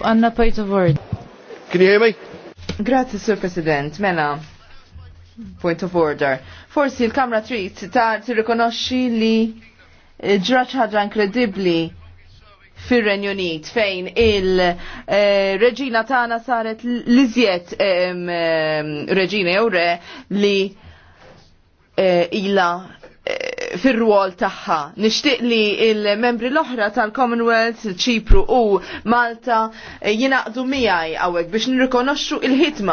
Anna point of order. Can you hear me? Grazie, Sir President. Mela, point of order. Forsi l-Kamra Trit ta' tirrikonoxxi li eh, ġraċ ħaġa inkredibbli fir-Renju Unit fejn il-reġina eh, e, tagħna saret l-iżjed reġina jew re li eh, ila fir-rwol tagħha. Nixtieq li il-membri l-oħra tal-Commonwealth, Ċipru u Malta eh, jinaqdu miegħi hawnhekk biex nirrikonoxxu il-ħitma